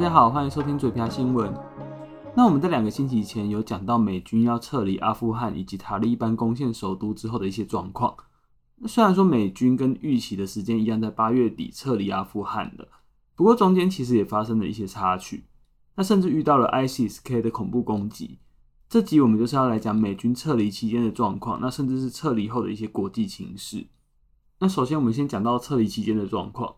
大家好，歡迎收聽嘴瓢新聞。那我們在兩個星期前有講到美軍要撤離阿富汗以及塔利班攻陷首都之後的一些狀況。那雖然說美軍跟預期的時間一樣在八月底撤離阿富汗的，不過中間其實也發生了一些插曲，那甚至遇到了 ISIS-K 的恐怖攻擊。這集我們就是要來講美軍撤離期間的狀況，那甚至是撤離後的一些國際情勢。那首先我們先講到撤離期間的狀況。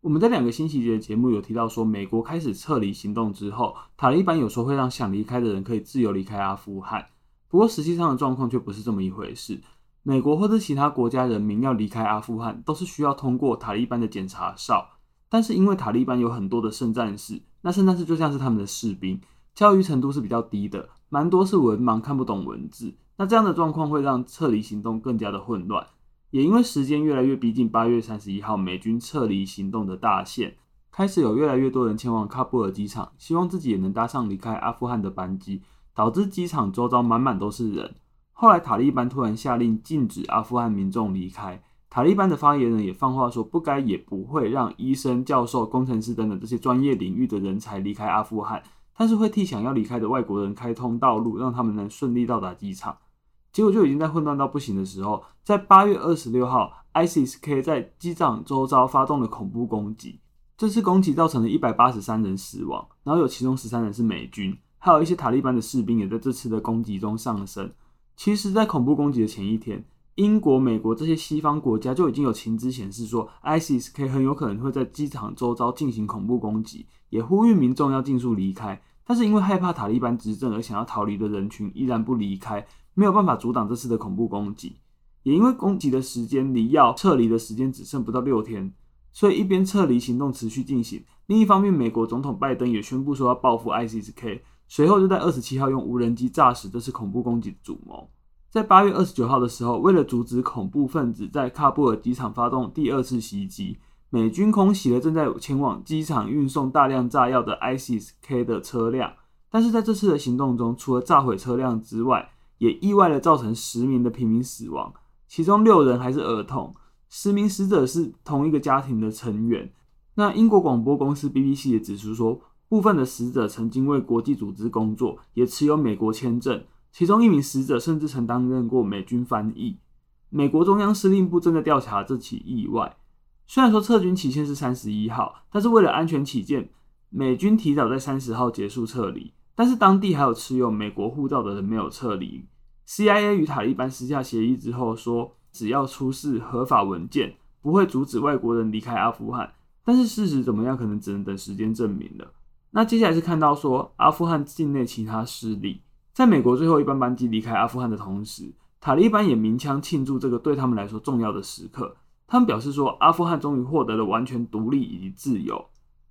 我們在兩個星期前的節目有提到說，美國開始撤離行動之後，塔利班有說會讓想離開的人可以自由離開阿富汗。不過，實際上的狀況卻不是這麼一回事。美國或者其他國家人民要離開阿富汗，都是需要通過塔利班的檢查哨。但是，因為塔利班有很多的聖戰士，那聖戰士就像是他們的士兵，教育程度是比較低的，蠻多是文盲，看不懂文字。那這樣的狀況會讓撤離行動更加的混亂。也因為時間越來越逼近八月三十一號美軍撤離行動的大限，開始有越來越多人前往喀布爾機場，希望自己也能搭上離開阿富汗的班機，導致機場周遭滿滿都是人。後來塔利班突然下令禁止阿富汗民眾離開，塔利班的發言人也放話說，不該也不會讓醫生、教授、工程師等等這些專業領域的人才離開阿富汗，但是會替想要離開的外國人開通道路，讓他們能順利到達機場。結果就已經在混亂到不行的時候，在八月二十六號，ISIS-K 在機場周遭發動了恐怖攻擊。這次攻擊造成了一百八十三人死亡，然後有其中十三人是美軍，還有一些塔利班的士兵也在這次的攻擊中喪生。其實，在恐怖攻擊的前一天，英國、美國這些西方國家就已經有情資顯示說，ISIS-K 很有可能會在機場周遭進行恐怖攻擊，也呼籲民眾要盡速離開。但是，因為害怕塔利班執政而想要逃離的人群依然不離開。沒有辦法阻擋這次的恐怖攻擊，也因為攻擊的時間離要撤離的時間只剩不到六天，所以一邊撤離行動持續進行，另一方面，美國總統拜登也宣布說要報復 ISIS-K，隨後就在二十七號用無人機炸死這次恐怖攻擊的主謀。在八月二十九號的時候，為了阻止恐怖分子在喀布爾機場發動第二次襲擊，美軍空襲了正在前往機場運送大量炸藥的 ISIS-K 的車輛。但是在這次的行動中，除了炸毀車輛之外，也意外的造成十名的平民死亡，其中六人還是兒童。十名死者是同一個家庭的成員。那英國廣播公司 BBC 也指出說，部分的死者曾經為國際組織工作，也持有美國簽證。其中一名死者甚至曾擔任過美軍翻譯。美國中央司令部正在調查這起意外。雖然說撤軍期限是三十一號，但是為了安全起見，美軍提早在三十號結束撤離。但是當地還有持有美國護照的人沒有撤離。CIA 與塔利班私下協議之後說，只要出示合法文件，不會阻止外國人離開阿富汗。但是事實怎麼樣，可能只能等時間證明了。那接下來是看到說，阿富汗境內其他勢力，在美國最後一班班機離開阿富汗的同時，塔利班也鳴槍慶祝這個對他們來說重要的時刻。他們表示說，阿富汗終於獲得了完全獨立以及自由。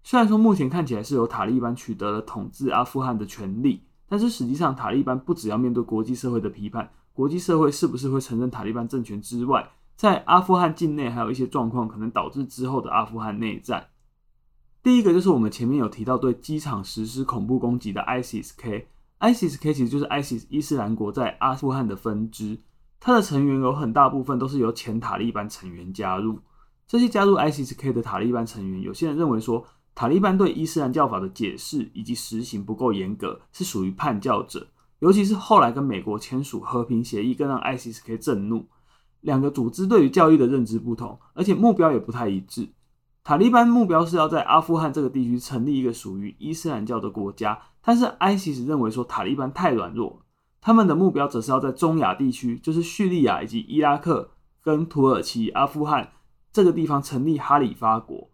雖然說目前看起來是由塔利班取得了統治阿富汗的權利，但是實際上塔利班不只要面對國際社會的批判，國際社會是不是會承認塔利班政權之外，在阿富汗境內還有一些狀況可能導致之後的阿富汗內戰。第一個就是我們前面有提到對機場實施恐怖攻擊的 ISIS-K，ISIS-K 其實就是 ISIS 伊斯蘭國在阿富汗的分支，它的成員有很大部分都是由前塔利班成員加入。這些加入 ISIS-K 的塔利班成員，有些人認為說。塔利班對伊斯蘭教法的解釋以及實行不夠嚴格，是屬於叛教者。尤其是後來跟美國簽署和平協議，更讓 ISIS 可以震怒。兩個組織對於教育的認知不同，而且目標也不太一致。塔利班目標是要在阿富汗這個地區成立一個屬於伊斯蘭教的國家，但是 ISIS 認為說塔利班太軟弱。他們的目標則是要在中亞地區，就是敘利亞以及伊拉克跟土耳其、阿富汗這個地方成立哈裡發國。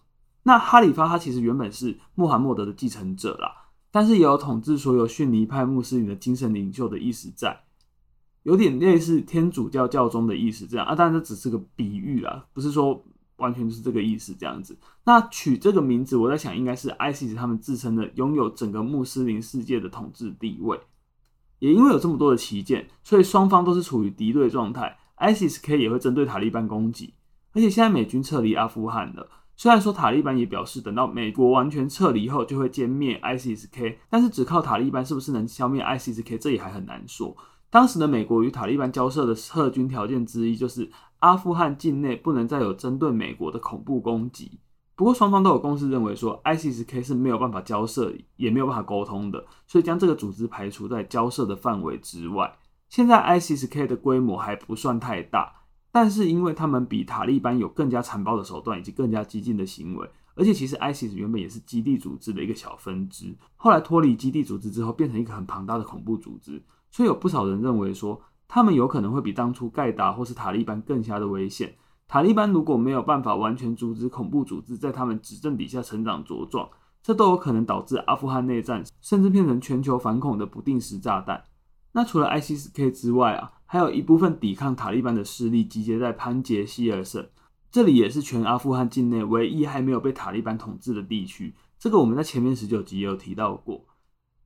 那哈里發他其實原本是穆罕默德的繼承者啦，但是也有統治所有遜尼派穆斯林的精神領袖的意思在，有點類似天主教教宗的意思。這樣啊，當然這只是個比喻啦，啊，不是說完全就是這個意思這樣子。那取這個名字，我在想應該是 ISIS 他們自稱的擁有整個穆斯林世界的統治地位。也因為有這麼多的旗艦，所以雙方都是處於敵對狀態，ISIS -K 也會針對塔利班攻擊，而且現在美軍撤離阿富汗了。雖然說塔利班也表示，等到美國完全撤離以後，就會殲滅 ISIS-K，但是只靠塔利班是不是能消滅 ISIS-K，這也還很難說。當時的美國與塔利班交涉的撤軍條件之一，就是阿富汗境內不能再有針對美國的恐怖攻擊。不過雙方都有共識，認為說 ISIS-K 是沒有辦法交涉，也沒有辦法溝通的，所以將這個組織排除在交涉的範圍之外。現在 ISIS-K 的規模還不算太大。但是，因為他們比塔利班有更加殘暴的手段以及更加激進的行為，而且其實 ISIS 原本也是基地組織的一個小分支，後來脫離基地組織之後，變成一個很龐大的恐怖組織，所以有不少人認為說，他們有可能會比當初蓋達或是塔利班更加的危險。塔利班如果沒有辦法完全阻止恐怖組織在他們執政底下成長茁壯，這都有可能導致阿富汗內戰，甚至變成全球反恐的不定時炸彈。那除了 ISIS-K 之外啊，還有一部分抵抗塔利班的勢力集結在潘傑希爾省，這裡也是全阿富汗境內唯一還沒有被塔利班統治的地區。這個我們在前面十九集有提到過。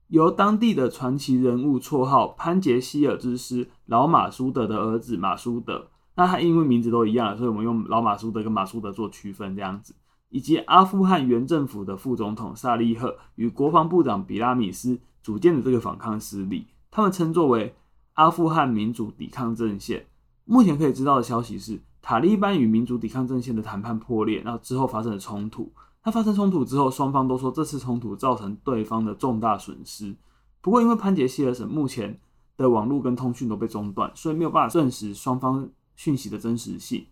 由當地的傳奇人物、綽號“潘傑希爾之獅”老馬蘇德的兒子馬蘇德，那他因為名字都一樣，所以我們用老馬蘇德跟馬蘇德做區分。這樣子，以及阿富汗原政府的副總統薩利赫與國防部長比拉米斯組建的這個反抗勢力，他們稱作為。阿富汗民主抵抗陣線。目前可以知道的消息是，塔利班與民主抵抗陣線的談判破裂，那之後發生了衝突。那發生衝突之後，雙方都說這次衝突造成對方的重大損失。不過，因為潘傑希爾省目前的網絡跟通訊都被中斷，所以沒有辦法證實雙方訊息的真實性。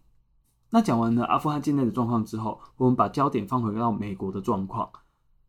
那講完了阿富汗境內的狀況之後，我們把焦點放回到美國的狀況。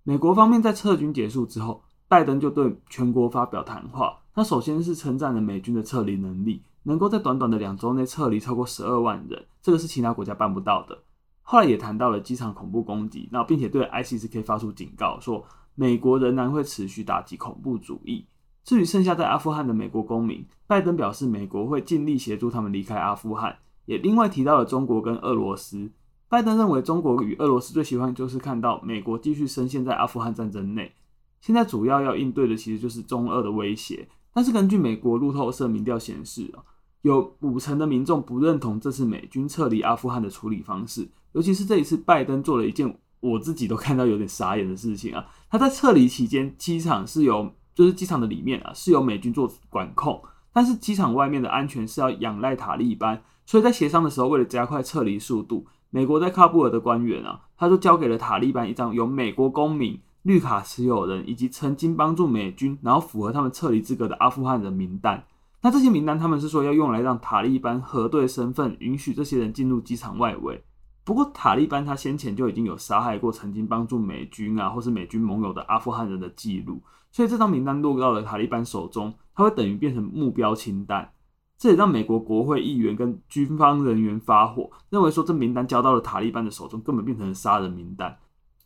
美國方面在撤軍結束之後，拜登就對全國發表談話。那首先是稱讚了美軍的撤離，能力，能夠在短短的兩周內撤離超過十二萬人，這個是其他國家辦不到的。後來也談到了機場恐怖攻擊，那並且對 ISIS-K 發出警告，說美國仍然會持續打擊恐怖主義。至於剩下在阿富汗的美國公民，拜登表示美國會盡力協助他們離開阿富汗。也另外提到了中國跟俄羅斯，拜登認為中國與俄羅斯最喜歡就是看到美國繼續深陷在阿富汗戰爭內，現在主要要應對的其實就是中俄的威脅。但是根據美國路透社民調顯示啊，有五成的民眾不認同這次美軍撤離阿富汗的處理方式，尤其是這一次拜登做了一件我自己都看到有點傻眼的事情啊，他在撤離期間，機場是由，就是機場的裡面啊，是由美軍做管控，但是機場外面的安全是要仰賴塔利班，所以在協商的時候，為了加快撤離速度，美國在喀布爾的官員啊，他就交給了塔利班一張由美國公民。綠卡持有人以及曾經幫助美軍，然後符合他們撤離資格的阿富汗人名單。那這些名單，他們是說要用來讓塔利班核對身份，允許這些人進入機場外圍。不過，塔利班他先前就已經有殺害過曾經幫助美軍啊，或是美軍盟友的阿富汗人的記錄，所以這張名單落到了塔利班手中，它會等於變成目標清單。這也讓美國國會議員跟軍方人員發火，認為說這名單交到了塔利班的手中，根本變成了殺人名單。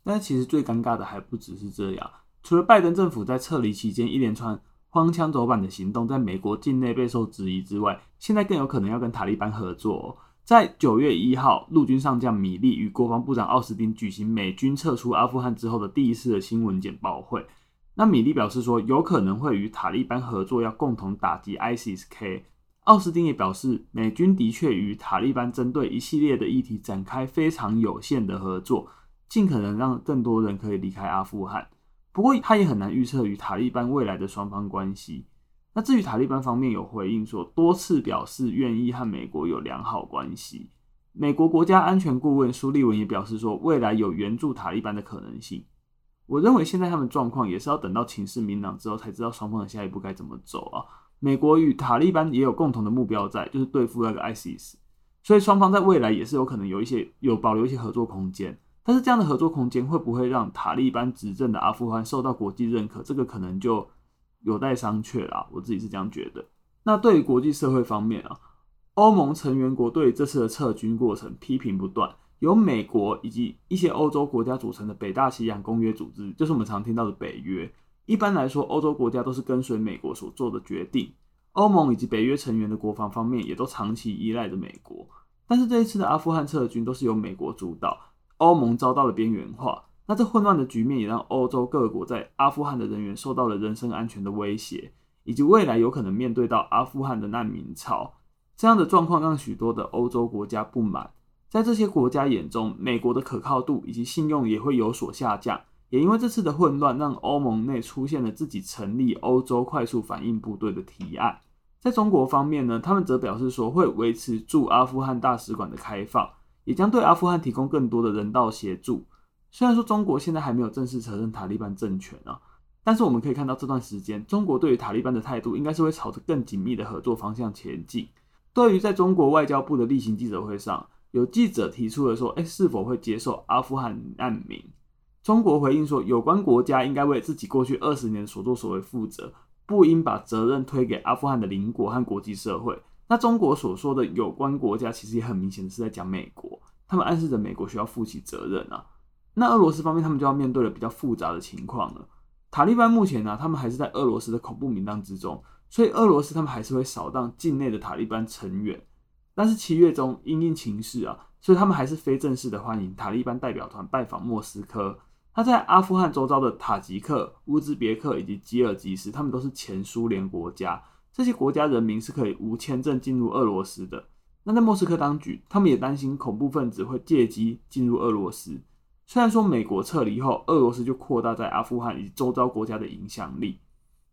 但其實最尷尬的還不只是這樣，除了拜登政府在撤離期間一連串荒腔走板的行動在美國境內備受質疑之外，現在更有可能要跟塔利班合作哦。在九月一號，陸軍上將米利與國防部長奧斯汀舉行美軍撤出阿富汗之後的第一次的新聞簡報會，那米利表示說，有可能會與塔利班合作，要共同打擊 ISIS-K。奧斯汀也表示，美軍的確與塔利班針對一系列的議題展開非常有限的合作。盡可能讓更多人可以離開阿富汗，不過他也很難預測與塔利班未來的雙方關係。那至於塔利班方面有回應說，多次表示願意和美國有良好關係。美國國家安全顧問蘇利文也表示說，未來有援助塔利班的可能性。我認為現在他們狀況也是要等到情勢明朗之後才知道雙方的下一步該怎麼走啊。美國與塔利班也有共同的目標在，就是對付那個 ISIS。所以雙方在未來也是有可能有一些，有保留一些合作空間。但是這樣的合作空間會不會讓塔利班執政的阿富汗受到國際認可？這個可能就有待商榷啦。我自己是這樣覺得。那對於國際社會方面啊，歐盟成員國對這次的撤軍過程批評不斷。由美國以及一些歐洲國家組成的北大西洋公約組織，就是我們常聽到的北約。一般來說，歐洲國家都是跟隨美國所做的決定。歐盟以及北約成員的國防方面也都長期依賴着美國。但是這一次的阿富汗撤軍都是由美國主導，歐盟遭到了邊緣化，那這混亂的局面也讓歐洲各國在阿富汗的人員受到了人身安全的威脅，以及未來有可能面對到阿富汗的難民潮。這樣的狀況讓許多的歐洲國家不滿，在這些國家眼中，美國的可靠度以及信用也會有所下降。也因為這次的混亂，讓歐盟內出現了自己成立歐洲快速反應部隊的提案。在中國方面呢，他們則表示說會維持駐阿富汗大使館的開放。也將對阿富汗提供更多的人道協助。雖然說中國現在還沒有正式承認塔利班政權啊，但是我們可以看到這段時間中國對於塔利班的態度應該是會朝着更緊密的合作方向前進。對於在中國外交部的例行記者會上，有記者提出了說，欸，“是否會接受阿富汗難民？”中國回應說：“有關國家應該為自己過去二十年所作所為負責，不應把責任推給阿富汗的鄰國和國際社會。”那中國所說的有關國家，其實也很明顯的是在講美國，他們暗示着美國需要負起責任啊。那俄羅斯方面，他們就要面對了比較複雜的情況了。塔利班目前呢、啊，他們還是在俄羅斯的恐怖名單之中，所以俄羅斯他們還是會掃蕩境內的塔利班成員。但是七月中因應情勢啊，所以他們還是非正式的歡迎塔利班代表團拜訪莫斯科。他在阿富汗周遭的塔吉克、烏茲別克以及吉爾吉斯，他們都是前蘇聯國家。這些國家人民是可以無簽證進入俄羅斯的。那在莫斯科當局，他們也擔心恐怖分子會借機進入俄羅斯。雖然說美國撤離後，俄羅斯就擴大在阿富汗以及周遭國家的影響力，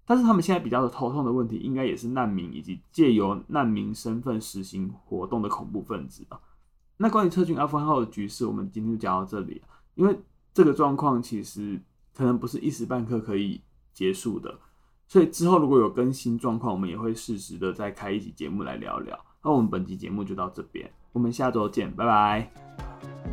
但是他們現在比較的頭痛的問題，應該也是難民以及借由難民身份實行活動的恐怖分子啊。那關於撤軍阿富汗後的局勢，我們今天就講到這裡，因為這個狀況其實可能不是一時半刻可以結束的。所以之後如果有更新狀況，我們也會適時的再開一集節目來聊聊。那我們本期節目就到這邊，我們下周見，拜拜。